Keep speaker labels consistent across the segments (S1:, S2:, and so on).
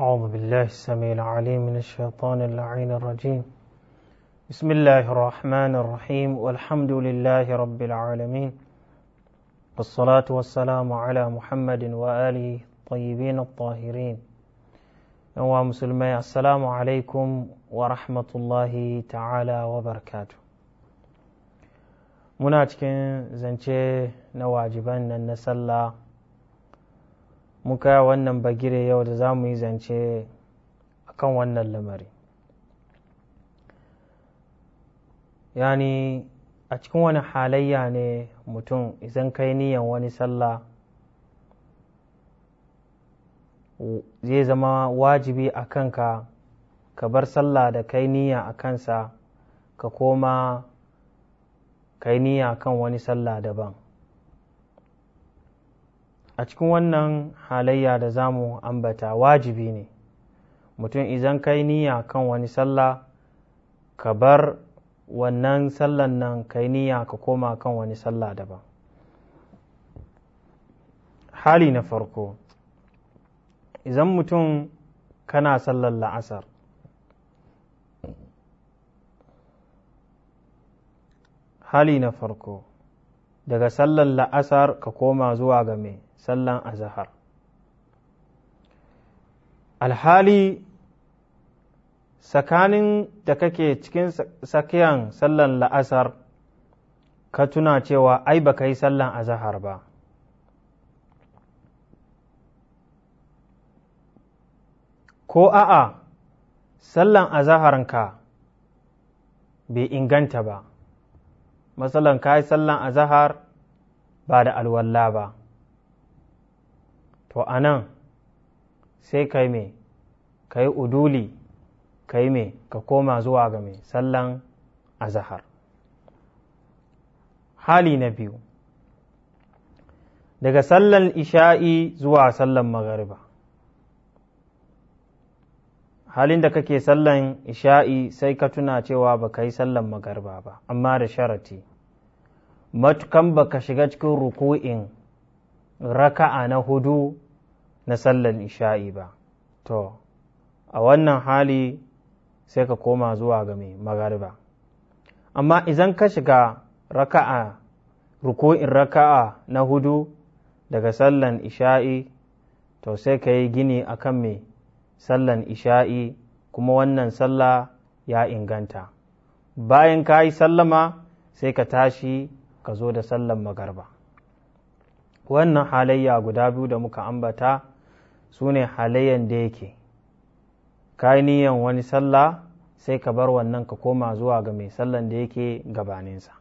S1: أعوذ بالله السميع العليم من الشيطان اللعين الرجيم بسم الله الرحمن الرحيم والحمد لله رب العالمين والصلاة والسلام على محمد وآله الطيبين الطاهرين يوم مسلمي السلام عليكم ورحمة الله تعالى وبركاته muna cikin zance na wajiban nan na sallah muka wannan bagire yau da za mu yi zance a kan wannan lamari yani a cikin wani halayya ne mutum idan kai niyan wani sallah zai zama wajibi a kanka ka bar sallah da kai niyya a kansa ka koma kai niyya kan wani sallah daban a cikin wannan halayya da za mu ambata wajibi ne mutum idan kai niyya kan wani sallah ka bar wannan sallan nan kai niyya ka koma kan wani sallah daban hali na farko idan mutum kana sallar la'asar hali na farko daga sallar la'asar ka koma zuwa ga mai sallan azahar alhali tsakanin da kake cikin tsakiyan sallan la'asar ka tuna cewa ai ba ka yi sallan azahar ba ko a'a sallan ka bai inganta ba matsalan ka yi sallan azahar ba da alwalla ba to a nan sai ka yi uduli ka yi ka koma zuwa ga mai sallan azahar hali na biyu daga sallan isha'i zuwa sallan magariba halin da kake sallan isha'i sai ka tuna cewa ba ka yi sallan magariba ba amma da sharati matukan ba ka shiga cikin ruku'in raka'a na hudu na sallar isha'i ba to a wannan hali sai ka koma zuwa ga mai magariba amma izan ka shiga raka'a ruku'in raka'a na hudu daga sallan isha'i to sai ka yi gini a kan mai sallan isha'i kuma wannan sallah ya inganta bayan ka yi sallama sai ka tashi ka zo da sallan magarba wannan halayya guda biyu da muka ambata su ne halayyan da yake ka niyan wani sallah sai ka bar wannan ka koma zuwa ga mai sallan da yake gabaninsa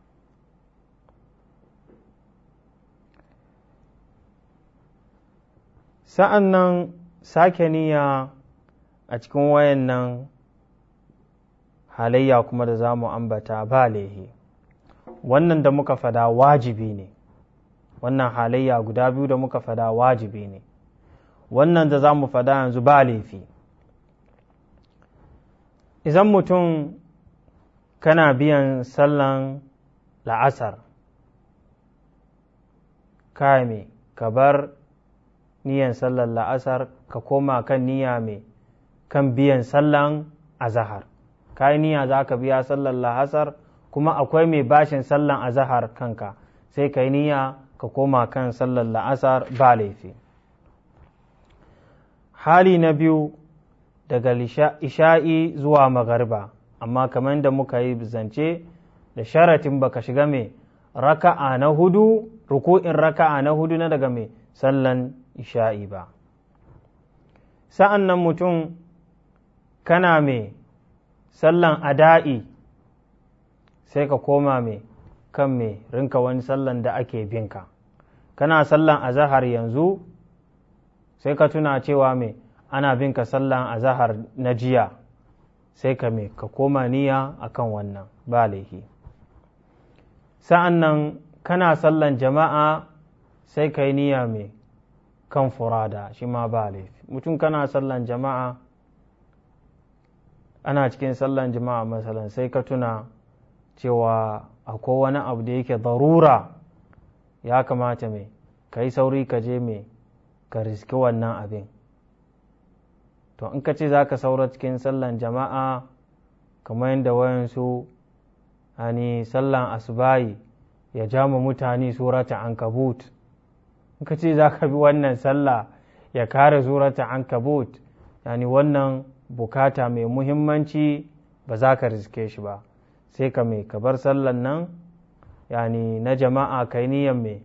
S1: sa'an nan sake niyya a cikin wayan nan halayya kuma da za mu ambata ba lehe. wannan da muka fada wajibi ne wannan halayya guda biyu da muka fada wajibi ne wannan da za mu fada yanzu ba laifi idan mutum kana biyan sallan la'asar kame ka bar niyan sallan la'asar ka koma kan niyya mai kan biyan sallan azahar ka yi niyya za ka biya sallan la'asar kuma akwai mai bashin sallan azahar kanka sai ka yi niyya ka koma kan sallan la'asar ba laifi hali na biyu daga isha'i zuwa magariba amma kamar da muka yi zance da sharatin baka shiga mai raka'a na hudu ruku'in raka'a na hudu na daga mai sallan isha'i ba sa'an nan mutum kana mai sallan ada'i sai ka koma mai kan mai rinka wani sallan da ake binka kana sallan azahar yanzu sai ka tuna cewa me ana bin ka sallah a zahar na jiya sai ka me ka koma niyya a kan wannan ba laifi sa'an nan kana sallan jama'a sai ka yi niyya me kan furada shi ma ba laifi mutum kana sallan jama'a ana cikin sallan jama'a masalan sai ka tuna cewa akwai wani abu da yake darura ya kamata me ka yi sauri ka je me ka riski wannan abin to in ka ce za ka saura cikin sallan jama'a kamar yadda wayansu hani sallan asubayi ya ja ma mutane surata ankabut in ka ce za ka bi wannan sallah ya kare surata ankabut yani wannan bukata mai muhimmanci ba za ka riske shi ba sai ka mai ka bar sallan nan yani na jama'a kai niyan mai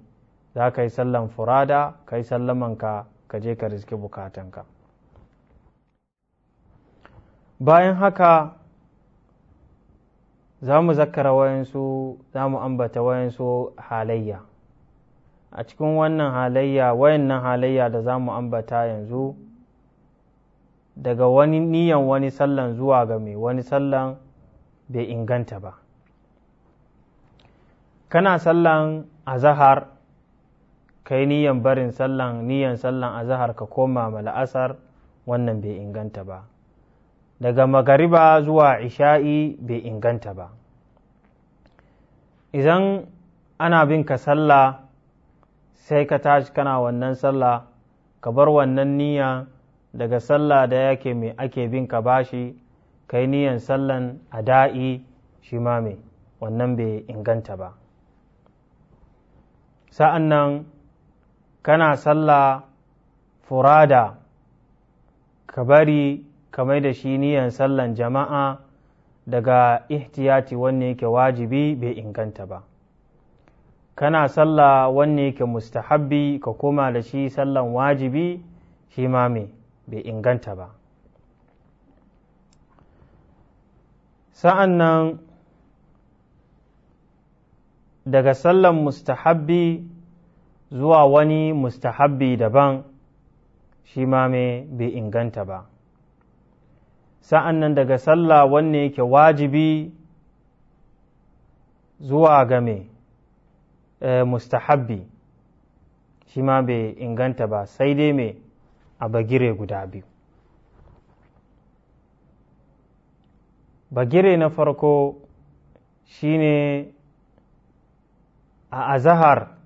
S1: za ka yi sallan furada ka yi sallamanka ka je ka riski bukatanka bayan haka za mu zakara wayansu za mu ambata wayansu halayya a cikin wannan halayya wayannan halayya da za mu ambata yanzu daga wani niyan wani sallan zuwa ga mai wani sallan bai inganta ba kana sallan azahar kai niyan barin sallan niyan sallan zahar ka koma ma la'asar wannan bai inganta ba daga magariba zuwa isha'i bai inganta ba idan ana bin ka sallah sai ka tashi kana wannan sallah ka bar wannan niyya daga sallah da yake mai ake bin ka bashi kai niyan sallan a da'i shi ma mai wannan bai inganta ba sa'an nan kana sallah furada ka bari ka mai da shi niyan sallan jama'a daga ihtiyati wanne yake wajibi bai inganta ba kana sallah wanne yake mustahabbi ka koma da shi sallan wajibi shi ma mai bai inganta ba sa'an nan daga sallan mustahabbi zuwa wani mustahabbi daban shi ma bai inganta ba sa'an nan daga sallah wanne yake wajibi zuwa ga mai eh, mustahabbi shi ma bai inganta ba sai dai mai a bagire guda biyu bagire na farko shine a azahar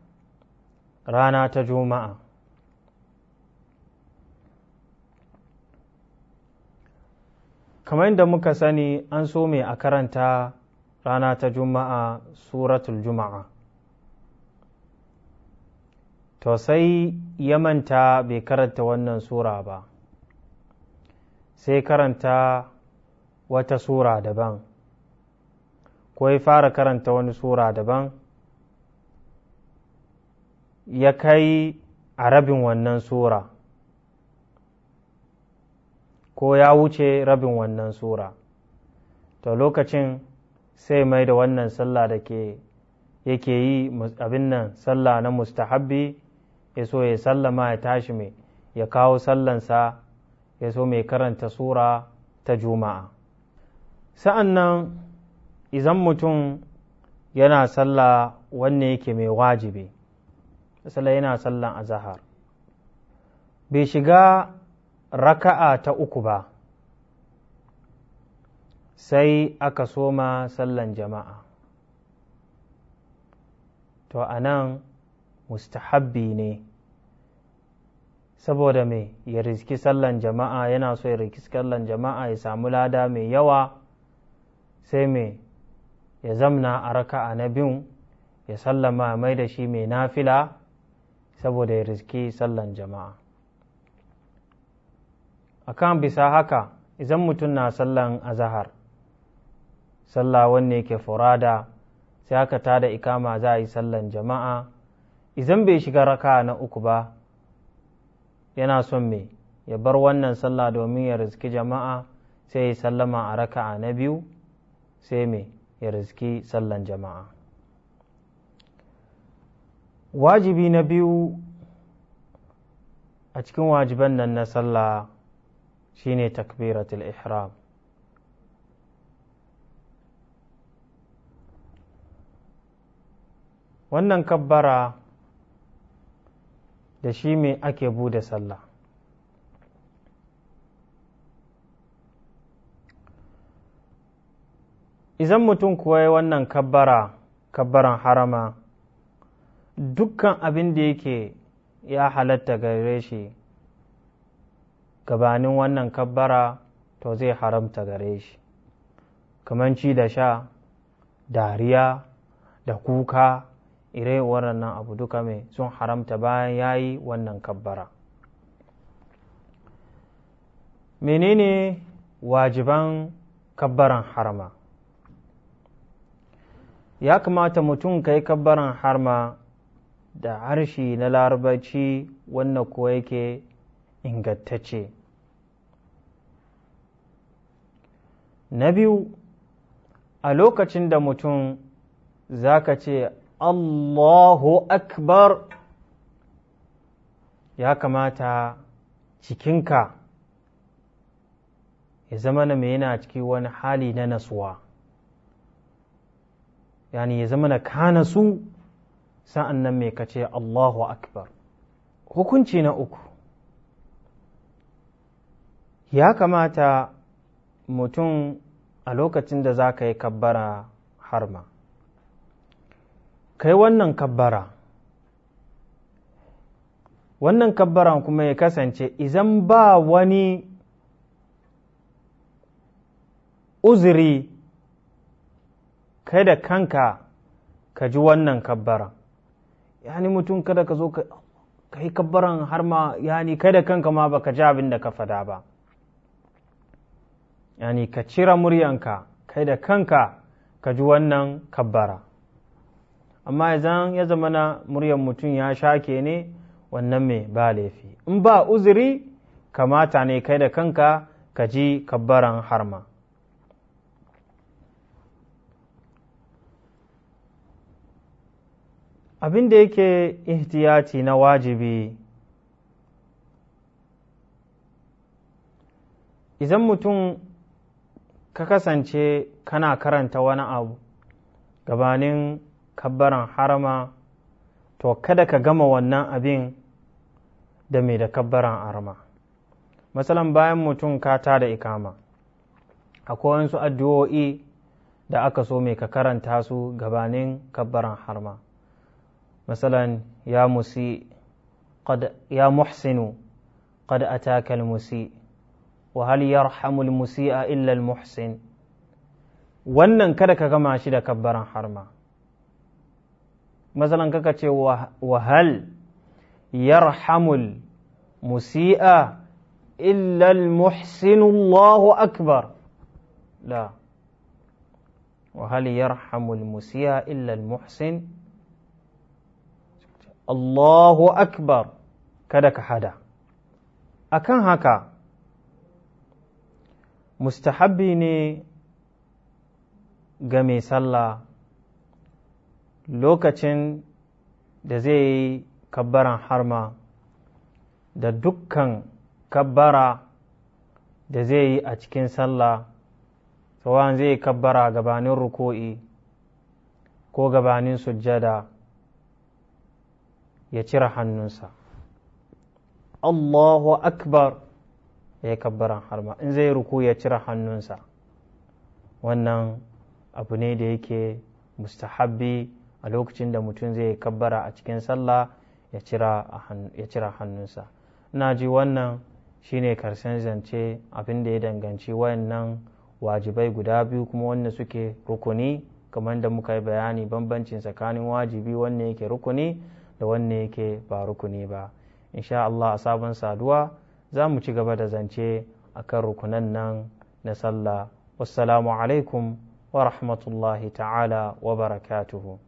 S1: rana ta juma'a kamar yadda muka sani an so mai a karanta rana ta juma'a suratul juma'a to sai ya manta bai karanta wannan sura ba sai karanta wata sura daban ko ya fara karanta wani sura daban ya kai a rabin wannan sura ko ya wuce rabin wannan sura to lokacin sai mai da wannan sallah da ke yake yi abin nan sallah na mustahabbi ya so ya sallama ya tashi mai ya kawo sallansa ya so mai karanta sura ta juma'a sa'an nan izan mutum yana sallah wanne yake mai wajibi sala yana sallan azahar bai shiga raka'a ta uku ba sai aka soma sallan jama'a to a nan mustahabbi ne saboda mai ya riski sallan jama'a yana so ya riski sallan jama'a ya samu lada mai yawa sai mai ya zamna a raka'a na biyun ya sallama mai da shi mai nafila saboda ya riski sallan jama'a a kan bisa haka idan mutum na sallan azahar sallah wanne ke furada sai aka da ikama za a yi sallan jama'a idan bai shiga raka na uku ba yana son me ya bar wannan sallah domin ya riski jama'a sai ya sallama a raka'a na biyu sai me ya riski sallan jama'a wajibi na biyu a cikin wajiban nan na sallah shine takbiratul ihram wannan kabbara da shi mai ake bude sallah izan mutum kuwa yi wannan kabbara kabbaran harama dukkan abin da yake ya halatta gare shi gabanin wannan kabbara to zai haramta gare shi kamar ci da sha dariya da kuka ire waɗannan abu duka mai sun haramta bayan ya yi wannan kabbara menene wajiban kabbaran harma ya kamata mutum ka yi kabbaran harma da harshe na larabaci wannan kuwa yake ingantacce na biyu a lokacin da mutum za ka ce allahu akbar ya kamata cikinka ya zama na mai yana ciki wani hali na nasuwa yani ya zama na ka su? sa'an nan mai kace Allahu Akbar. Hukunci na uku, ya kamata mutum a lokacin da za ka yi kabbara harma. Kai wannan kabbara, wannan kabbara kuma ya kasance izan ba wani uzuri kai da kanka ka ji wannan kabbara yani mutum kada ka zo ka yi kabbaran har ma yani kai da kanka ma baka ji abin da ka fada ba yani ka cira muryanka kai da kanka ka ji wannan kabbara amma idan ya zama na muryan mutum ya shake ne wannan mai ba laifi in ba uzuri kamata ne kai da kanka ka ji kabbaran harma abin da yake ihtiyati na wajibi idan mutum ka kasance kana karanta wani abu gabanin kabbaran harama to kada ka gama wannan abin da mai da kabbaran harama matsalan bayan mutum ka da ikama akwai wasu addu'o'i da aka so mai ka karanta su gabanin kabbaran harma مثلا يا مسيء قد يا محسن قد أتاك المسيء وهل يرحم المسيء إلا المحسن wannan kada ka gama shi da kabbaran harma masalan kaka ce wahal yarhamul musi'a illa almuhsinu Allahu akbar la wahal yarhamul musi'a illa almuhsin Allahu Akbar kada ka hada A kan haka mustahabbi ne ga mai sallah lokacin da zai yi kabbaran harma da dukkan kabbara da zai yi a cikin sallah tsawon zai yi kabbara gabanin ruko'i ko gabanin sujjada ya cire hannunsa Allahu akbar ya yi kabbaran harma in zai ruku ya cire hannunsa wannan abu ne da yake mustahabbi a lokacin da mutum zai kabbara a cikin sallah ya cire hannunsa ina ji wannan shine karshen zance abin da ya danganci wayannan wajibai guda biyu kuma wanda suke rukuni kamar da muka yi bayani bambancin tsakanin wajibi wanne yake rukuni da wanne yake ba rukuni ba insha Allah a sabon saduwa za mu ci gaba da zance a kan rukunan nan na sallah wassalamu alaikum wa rahmatullahi ta'ala wa barakatuhu